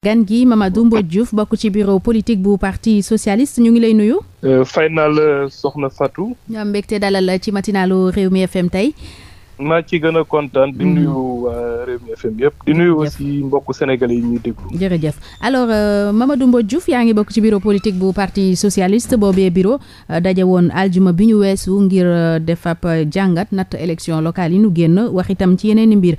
gan gi Mamadou Mbodj Diouf bokk ci bureau politique bu parti socialiste ñu ngi lay nuyu. Euh, fay naa la euh, soxna Fatou. ñu am mbégte dalal ci matinalu réew mi FM tey. maa ci gën a kontaan di mm. nuyu waa Rewmi FM yëpp. di nuyu aussi mbokku sénégalais yi ñuy déglu. jërëjëf alors euh, Mamadou Mbodj Diouf yaa ngi bokk ci bureau politique bu parti socialist boobee bureau euh, daje woon aljuma bi ñu weesu ngir euh, def ab jàngat natt élection locale yi nu génn wax itam ci yeneen i mbir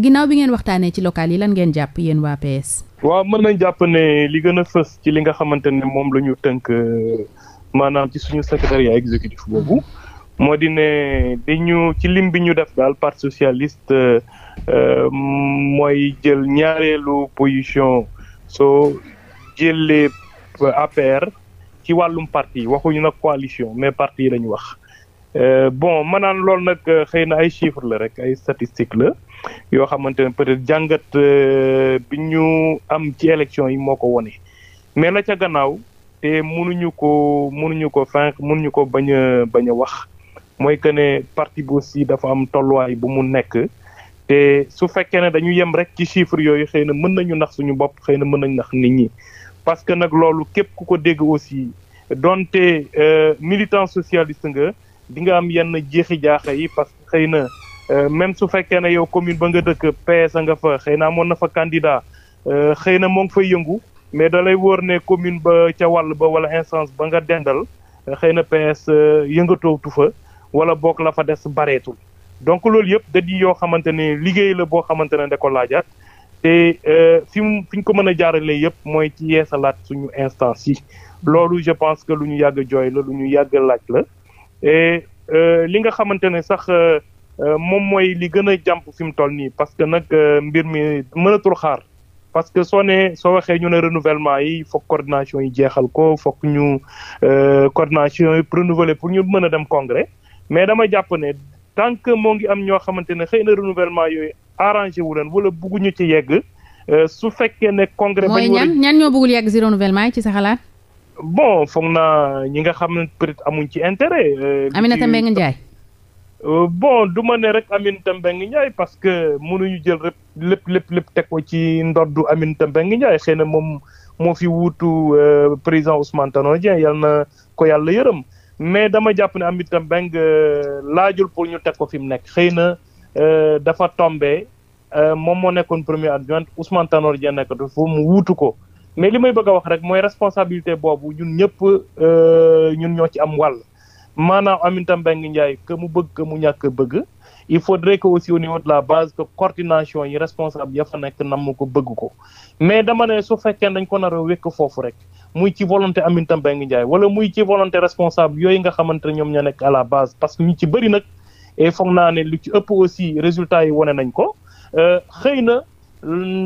ginnaaw bi ngeen waxtaanee ci locale yi lan ngeen jàpp yéen waa PS. waaw mën nañ jàpp ne li gën fës ci li nga xamante ne moom la ñu tënk maanaam ci suñu secrétariat exécutif moo di ne dañu ci lim bi ñu def daal parti socialiste euh, euh, mooy jël ñaareelu position soo jëlee APR ci wàllum parti waxuñu nag coalition mais parti lañu wax. Euh, bon ma naan loolu nag xëy na ay chiffres la rek ay statistiques la yoo xamante ne peut-être jàngat bi ñu am ci élection yi moo ko wone mais la ca gannaaw te mënuñu ko mënuñu ko fànq mënuñu ko bañ a bañ a wax. mooy que ne parti bu aussi dafa am tolluwaay bu mu nekk te su fekkee ne dañu yem rek ci chiffre yooyu xëy na mën nañu nax suñu bopp xëy na mën nañu nax nit ñi parce que nag loolu képp ku ko dégg aussi donte euh, militant socialiste nga di nga am yenn jeexi jaaxa yi parce que xëy na euh, même su fekkee ne yow commune ba nga dëkk PS nga fa xëy na amoon na fa candidat euh, xëy na moo ngi fay yëngu mais da lay wóor ne commune ba ca wàll ba wala instance ba nga dendal xëy na PS yëngatootu fa wala book la fa des bareetul donc loolu yëpp da yoo xamante ne liggéey la boo xamante ne da ko laajaat te euh, fi mu fi ñu ko mën a jaarale yëpp mooy ci laat suñu instance yi loolu je pense que lu ñu yàgg jooy la lu ñu yàgg laaj la e li nga xamante ne sax euh, moom mooy li gën a jàmp fi mu toll nii parce que nag mbir mi mënatul xaar parce que soo ne soo waxee ñu ne renouvellement yi foog coordination yi jeexal ko foog ñu coordination yi renouveler pour ñu mën a dem congrès mais dama jàpp ne tant que moo ngi am ñoo xamante ne xëy na renouvellement yooyu arrangé wu leen wala bugguñu ci yegg euh, su fekkee ne congrès ba ñu ñan ñan ñoo bëggul yegg si renouvellement yi ci sa xalaat. bon foog naa ñi nga xam ne peut-être amuñ ci intérêt. Euh, Aminata Mbengue Ndiaye. Euh, bon du ma ne rek Aminata Mbengue Ndiaye parce que mënuñu jël rek lépp lépp lépp teg ko ci ndoddu Aminata Mbengue Ndiaye xëy na moom moo fi wuutu président Ousmane Tanor Dieng yal na ko yàlla yërëm. mais dama jàpp ne Ameth Mbengue euh, laajul pour ñu teg ko fi mu nekk xëy na euh, dafa tombe euh, moom moo nekkoon premier adjoint Ousmane Tanor Dieng nekkatu fu mu wuutu ko mais li may bëgg a wax rek mooy responsabilité boobu ñun ñëpp ñun ñoo ci am wal maanaam Aminata Mbengue Ndiaye que mu bëgg que mu ñàkk bëgg il faudrait que aussi au niveau la base que coordination yi responsable ya fa nekk nam ko bëgg ko mais dama su fekkee dañ ko naroo a wékk foofu rek muy ci volonté Aminata Mbengue Ndiaye wala muy ci volonté responsable yooyu nga xamante ne ñoom ñoo nekk à la base parce que ñu ci bëri nag et foog naa ne lu ci ëpp aussi résultat yi wane nañ ko euh, xëy na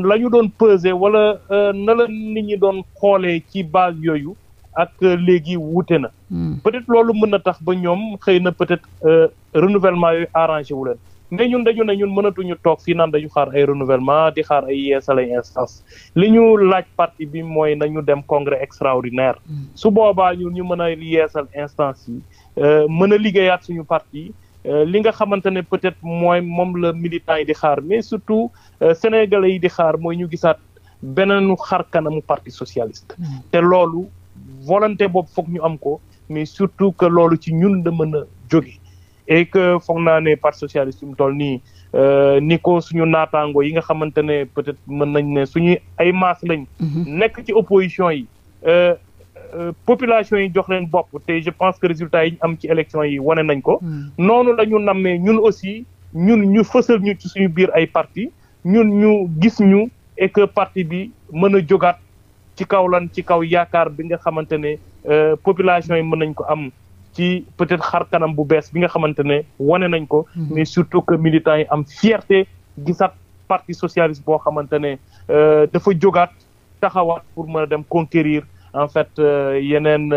la ñu doon peser wala euh, na la nit ñi doon xoolee ci base yooyu ak euh, léegi wuute na. Hmm. peut-être loolu mën na tax ba ñoom xëy na peut-être euh, renouvellement yooyu arrangé wu leen mais ñun dañu ne ñun mënatuñu toog si naan dañu xaar ay renouvellement di xaar ay yeesal ay instance li ñu laaj parti bi mooy nañu dem congrès extraordinaire. Hmm. su boobaa ñun ñu mën a yeesal instance yi euh, mën a liggéeyaat suñu parti. li nga xamante ne peut-être mooy moom la militants yi di xaar mais surtout sénégalais yi di xaar mooy ñu gisaat beneen xar kanamu parti socialiste. Hmm. te volonté boobu foog ñu am ko mais surtout que loolu ci ñun la mën a jóge et que foog naa ne parti socialiste mu tool nii euh, ni ko suñu naataango yi nga xamante ne peut-être mën nañ ne suñu ay maas lañ. Mhm. nekk ci opposition yi. Euh, euh, population yi jox leen bopp te je pense que résultat yi am ci élection yi wane nañ ko. Mhm. noonu la ñu ñun aussi ñun ñu fësal ñu ci suñu biir ay parti ñun ñu gis ñu et que parti bi mën a jógaat. ci kaw lan ci kaw yaakaar bi nga xamante ne euh, population yi mën nañ ko am ci peut-être xar kanam bu bees bi nga xamante ne wane nañ ko. Mhm. mais surtout que militants yi am fierté gisaat parti socialiste boo xamante ne euh, dafa jógaat taxawaat pour mën a dem conquérir en fait euh, yeneen.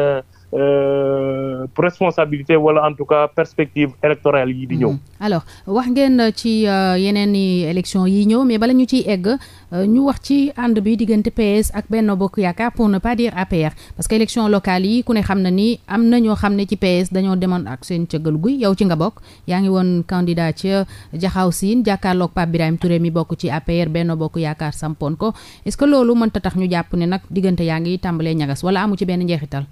Euh, responsabilité wala en tout cas perspective électorale yi di ñëw. Mhm. alors wax ngeen ci euh, yeneen i élection yi ñëw mais bala ñu ciy egg euh, ñu wax ci ànd bi diggante PS ak Benno Bokk Yaakaar pour ne pas dire APR parce que élection locale yi ku ne xam na ni am na ñoo xam ne ci PS dañoo deman ak seen cëggal guy yow ci nga bokk yaa ngi woon candidat ci Jaxaw Siin jàkkaarloog Pape Birahim Touré mi bokk ci APR Benno Bokk Yaakaar sampoon ko est-ce que loolu mënta tax ñu jàpp ne nag diggante yaa ngi tàmbalee ñagas wala amu ci benn njeexital.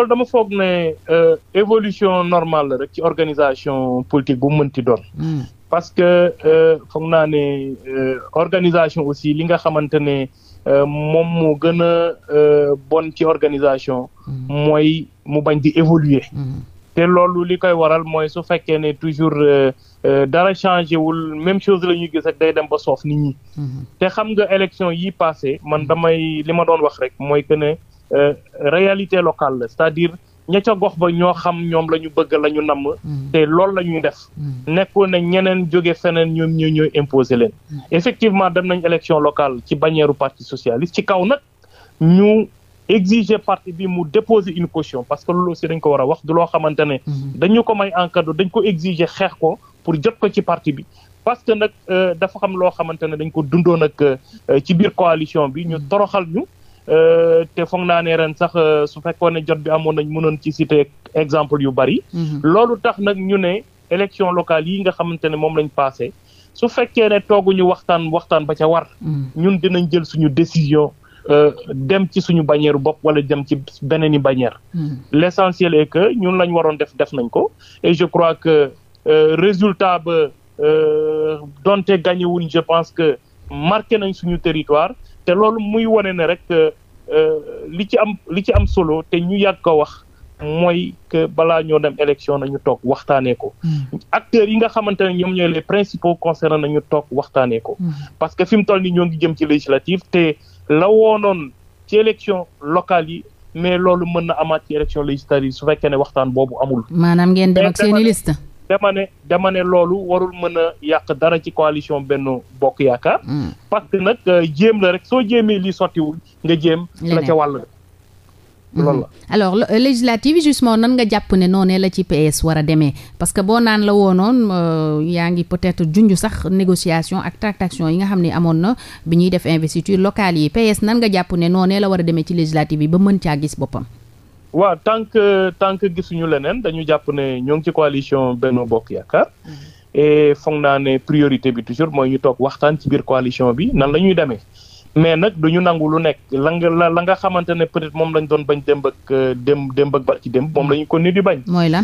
loolu dama foog ne euh, évolution normal la rek ci organisation politique bu mënti doon. Hmm. parce que euh, foog naa ne euh, organisation aussi li nga xamante ne moom moo gën a bon ci organisation. Hmm. mooy mu bañ di évoluer. Hmm. te loolu li koy waral mooy su fekkee ne toujours dara changé wul même chose la ñuy gis day dem ba soof nit ñi. te xam nga élection yi passé man damay li ma doon wax rek mooy que Euh, réalité locale la c'est-à-dire ña ca gox ba ñoo xam ñoom la ñu bëgg la ñu namm mm. te lool la ñuy def mm. nekkoon na ñeneen jóge feneen ñoom ñoo ñooy imposer leen mm. effectivement dem nañ élection locale ci bannière parti socialiste ci kaw nag ñu exiger parti bi mu déposer une caution parce que loolu si dañ ko war a wax du loo xamante ne dañu ko may en dañ ko exiger xeex ko pour jot ko ci parti bi parce que nag euh, dafa xam loo xamante ne dañ ko dundoon nag euh, ci biir coalition bi ñu toroxal ñu Euh, te foog naa ne ren sax euh, su fekkoon ne jot bi amoon nañ mënoon ci citer exemple yu bari. Mhm. loolu tax nag ñu ne élection locale yi nga xamante ne moom lañ passé su fekkee ne tooguñu waxtaan waxtaan ba ca war. Mhm. ñun dinañ jël suñu décision. Euh, dem ci suñu bañeeru bopp wala dem ci beneen yi bannière mm. l'essentiel est que ñun lañ waroon def def nañ ko je crois que euh, résultat ba euh, donte gagné je pense que marqué nañ suñu territoire loolu muy wane ne rek euh, euh, li ci am li ci am solo te ñu yàgg ko wax mooy que balaa ñoo dem élection ñu toog waxtaanee ko. Mm. acteurs yi nga xamante ne ñoom ñooy les principaux na ñu toog waxtaanee ko. Mm. parce que fi mu toll nii ñoo ngi jëm ci législative te la woonoon ci élection locale yi mais loolu mën na amaat ci élection législative su fekkee ne waxtaan boobu amul. maanaam ngeen dem ak seeni liste. dama ne dama ne loolu warul mën a yàq dara ci coalition Benno Bokk Yaakaar. Hmm. parce que nag euh, jéem la rek soo jéemee li sottiwul nga jéem. la ca wàll. Hmm. loolu la alors euh, législative justement nan nga jàpp ne noonee la ci PS war a demee parce que boo naan la woonoon euh, yaa ngi peut-être junj sax négociation ak tractation yi nga xam ni amoon na bi ñuy def investiture locale yi PS nan nga jàpp ne noonee la war a demee ci législative yi ba mën caa gis boppam. waaw tant que tant que gisuñu leneen dañu jàpp ne ñoo ngi ci coalition Benno Bokk Yaakaar mhm. et foog naa ne priorité bi toujours mooy ñu toog waxtaan ci biir coalition bi nan la ñuy demee mais nag du ñu nangu lu nekk la nga la la nga xamante ne peut-être moom lañ doon bañ démb ak euh, démb démb ak barki démb moom la ñu ko ni di bañ. mooy la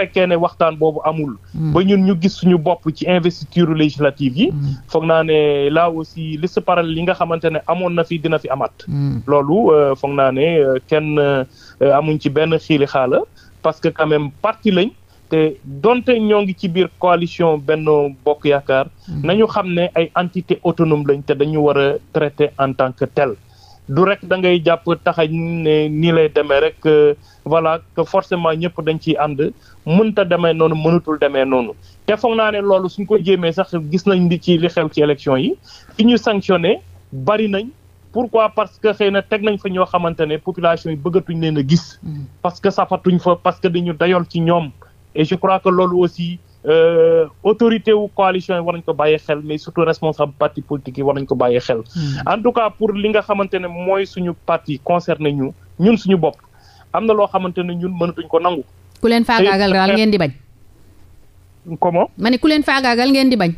fekkee ne waxtaan boobu amul. Hmm. ba ñun ñu gis suñu bopp ci investiture législative yi. Hmm. foog naa ne là aussi liste parallèle li nga xamante ne amoon na fi dina fi amaat. Hmm. loolu euh, foog naa ne euh, kenn euh, amuñ ci benn xiili xaala parce que quand même parti lañ. te donte ñoo ngi ci biir coalition benn Bokk Yaakaar. nañu xam ne ay entité autonome lañ te dañu war a traiter en tant que tel. du rek da jàpp taxañ ne nii lay demee rek voilà que forcément ñëpp dañ ciy ànd mënta demee noonu mënatul demee noonu te foog naa ne loolu suñ ko jéemee sax gis nañ di ci li xew ci élection yi fi ñu sanctionné bari nañ pourquoi parce que xëy na teg nañ fa ñoo xamante ne population yi bëggatuñ leen a gis mm. parce que safatuñ fa parce que dañu dayool ci ñoom et je crois que loolu aussi Euh, autorité wu coalition yi war ko bàyyi xel mais surtout responsable parti politique yi war nañ ko bàyyi xel. Mm. en tout cas pour li nga xamante ne mooy suñu parti concerné ñu ñun suñu bopp. am na loo xamante ne ñun mënatuñ ko nangu. ku leen faagaagal daal ngeen di bañ. comment. ma ne ku leen faagaagal ngeen di bañ.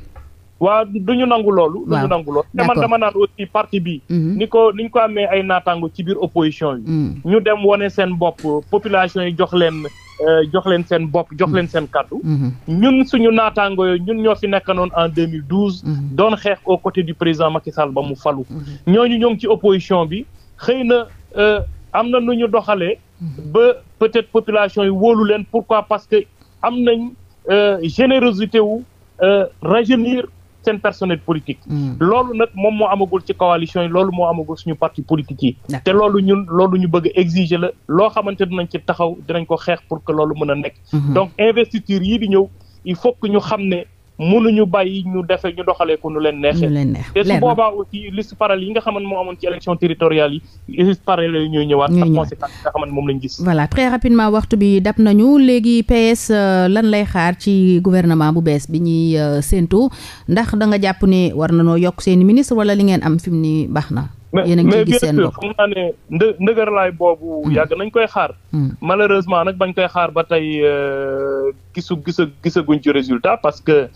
waaw du ñu nangu loolu. du ñu nangu loolu te man dama parti bi. Mhm. ni ko ni ko amee ay naataango ci biir opposition yi. Mhm. ñu dem wane seen bopp population yi jox leen. Euh, jox leen seen bopp jox mhm. leen seen kàddu ñun suñu naataango yooyu ñun ñoo fi noon en 2012. doon xeex ko côté du président Macky Sall ba mu falu ñooñu ñoo ngi ci opposition bi xëy na euh, am na nu ñu doxalee ba peut-être population yi wóolu leen pourquoi parce que am nañ euh, générosité wu euh, rajeunir seen personnel politique. Hmm. loolu nag moom moo amagul ci coalition yi loolu moo amagul suñu parti politique yi. te loolu ñun loolu ñu bëgg exigé la loo xamante dinañ ci taxaw danañ ko xeex pour que loolu mën a nekk. Hmm. donc investiture yii di ñëw il faut que ñu xam ñu bàyyi ñu defe ñu doxalee ko nu leen neexee te su boobaa aussi liste parallèle yi nga xaman moo amoon ci élection territoriale yi liste parallèle yi ñëwaat ak conséquence yi nga moom lañ gis voilà très rapidement waxtu bi dab nañu léegi PS euh, lan lay xaar ci gouvernement bu bees bi ñuy euh, séentu ndax danga jàpp ne war na noo yokk seeni ministre wala li ngeen am fi mu ni baax na yéen a ngi ciy gis seen bopp mais mais bien sûr xam naa ne ndëgërlaay boobu. Hmm. yàgg nañ koy xaar. Hmm. malheureusement nag bañ koy xaar ba tey euh, gisu gisa gisaguñ ci résultat parce que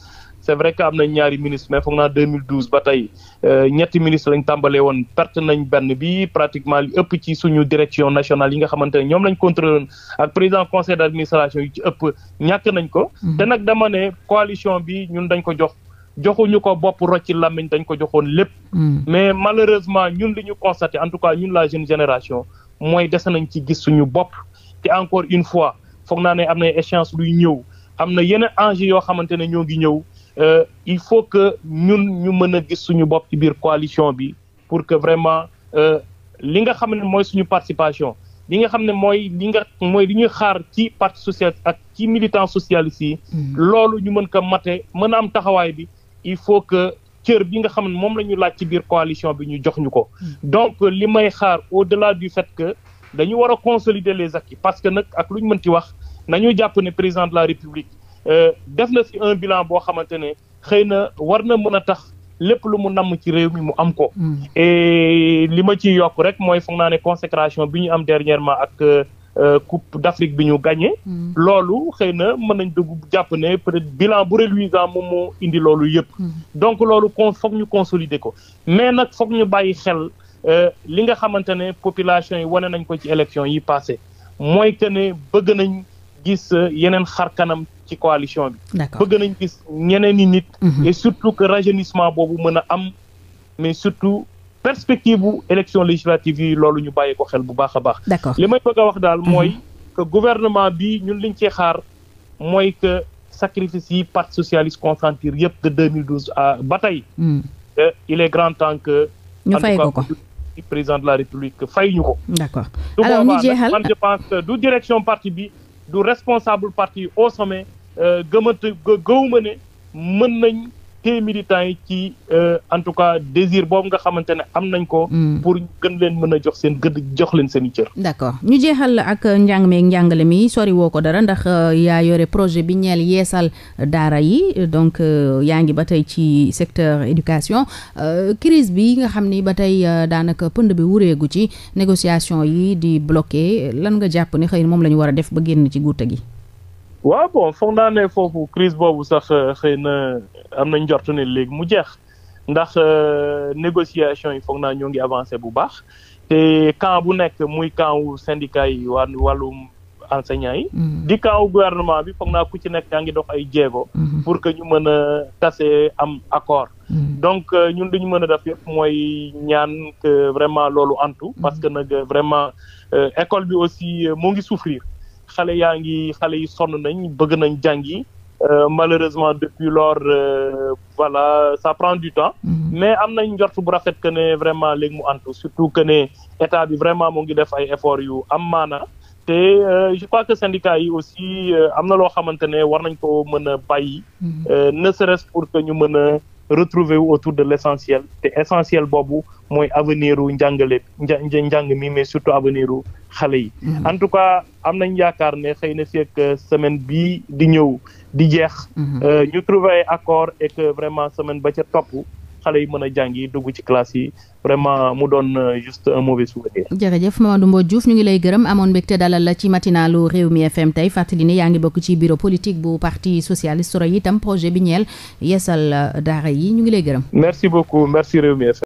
c' vrai que am na ñaari ministre mais foog naa 2012 ba tey euh, ñetti ministre lañ tàmbalee woon perte nañ benn bi pratiquement ëpp ci suñu direction nationale yi nga xamante ne ñoom lañ contrôlé ak président conseil d' administration yi ci ëpp ñàkk nañ ko. Hmm. te nag dama ne coalition bi ñun dañ ko jox. joxuñu ko bopp rocci làmmiñ dañ ko joxoon lépp. Hmm. mais malheureusement ñun li ñu constaté en tout cas ñun la jeune génération mooy des nañ ci gis suñu bopp. te encore une fois foog naa ne am na échéance luy ñëw am na yeneen enjeux yoo xamante ne ñoo ngi ñëw euh, il faut que ñun ñu mën a gis suñu bopp ci biir coalition bi pour que vraiment euh, li nga xam ne mooy suñu participation. li nga xam ne mooy li nga mooy li ñuy xaar ci partie social ak ci militant sociale yi. Hmm. loolu ñu mën ko mate mën taxawaay bi il faut que cër bi nga xam ne moom la ñu laaj ci biir coalition bi ñu jox ñu ko donc li may xaar au-delà du fait que dañu war a consolider les acquis parce que nag ak lu ñu mënti wax nañu jàpp ne président de la république euh, def na fi un bilan boo xamante ne xëy na war na mën a tax lépp lu mu namm ci réew mi mu am ko mm. et li ma ciy yokk rek mooy foog naa ne consécration bi ñu am dernièrement ak euh, Euh, coupe d'Afrique bi ñu gagné. Hmm. loolu xëy na mën nañ dugg jàpp ne peut-être bilan bu reluisant moom moo indi loolu yëpp. Hmm. donc loolu kon foog ñu consolider ko mais nag foog ñu bàyyi xel euh, li nga xamante ne population yi wane nañ ko ci élection yi passé mooy que ne bëgg nañ gis euh, yeneen xar kanam ci coalition bi. bëgg nañ gis ñeneen nit. Hmm. et surtout que rajeunissement boobu mën a am mais surtout. perspective bu élection législative yi loolu ñu bàyyi ko xel bu baax a baax. li may bëgg a wax daal mhm. mooy. que gouvernement bi ñun liñ cee xaar mooy que sacrifice yi parti socialiste consentir yëpp de 2012 à ba tey. Hmm. Euh, il est grand temps que. ñu fay ko ko président de la république fay ñu ko. d'accord alors ñu jeexal du direction parti bi du responsable parti au sommet euh, gëmët gëwuma ne mën nañ. téeméeri temps yi ci euh, en tout cas désir boobu nga xamante ne am nañ ko. Hmm. pour gën leen mën a jox seen gëdd jox leen seen i cër. d'accord ñu jeexal ak njàng meeg njàngale mi sori woo ko dara ndax euh, yaa yore projet bi ñeel yeesal daara yi donc euh, yaa ngi ba tey ci secteur éducation crise bi nga xam ni ba tey daanaka pënd bi wureegu ci négociation yi di bloqué lan nga jàpp ne xëy na moom la ñu war a def ba génn ci guuta gi. waaw bon foog naa ne foofu crise boobu sax euh, xëy na am nañ njort ne léegi mu jeex ndax euh, négociation yi foog naa ñoo ngi avancé bu baax te camp bu nekk muy camp wu syndicat yi waa wàllum enseignants yi. Mm-hmm. di camp wu gouvernement bi foog naa ku ci nekk yaa ngi dox ay jéego. Mm-hmm. pour que ñu mën a tase am accord. Mm-hmm. donc euh, ñun li ñu mën a def mooy ñaan que vraiment loolu antu. parce que nag vraiment école bi aussi moo ngi souffrir. xale yaa ngi xale yi sonn nañ bëgg nañ jàngi euh, malheureusement depuis lors euh, voilà ça prend du temps. Mm-hmm. mais am nañ njort bu rafet que ne vraiment léegi mu antu surtout que ne état bi vraiment mu ngi def ay efforts yu am maana te euh, je crois que syndicats yi aussi am na loo xamante ne war nañ ko mën a bàyyi. Mm-hmm. ne serait pour que ñu mën a retrouver wu autour de l'essentiel te essentiel boobu mooy avenir u njàngale njàng mi mais surtout avenir u xale yi. Mm-hmm. en tout cas am nañ yaakaar ne xëy na fii ak euh, semaine bii di ñëw di jeex. Mm-hmm. Euh, ñu trouver accord et vraiment semaine ba ca topp xale yi mën a jàngi dugg ci classe yi vraiment mu doon euh, juste un mauvais souvenir. jërëjëf Mamadou Mbodj Diouf ñu ngi lay gërëm amoon te dalal la ci matinalu réew mi FM tey fàttali ni yaa ngi bokk ci bureau politique bu parti socialiste soro itam projet bi ñeel yeesal daara yi ñu ngi lay gërëm. merci beaucoup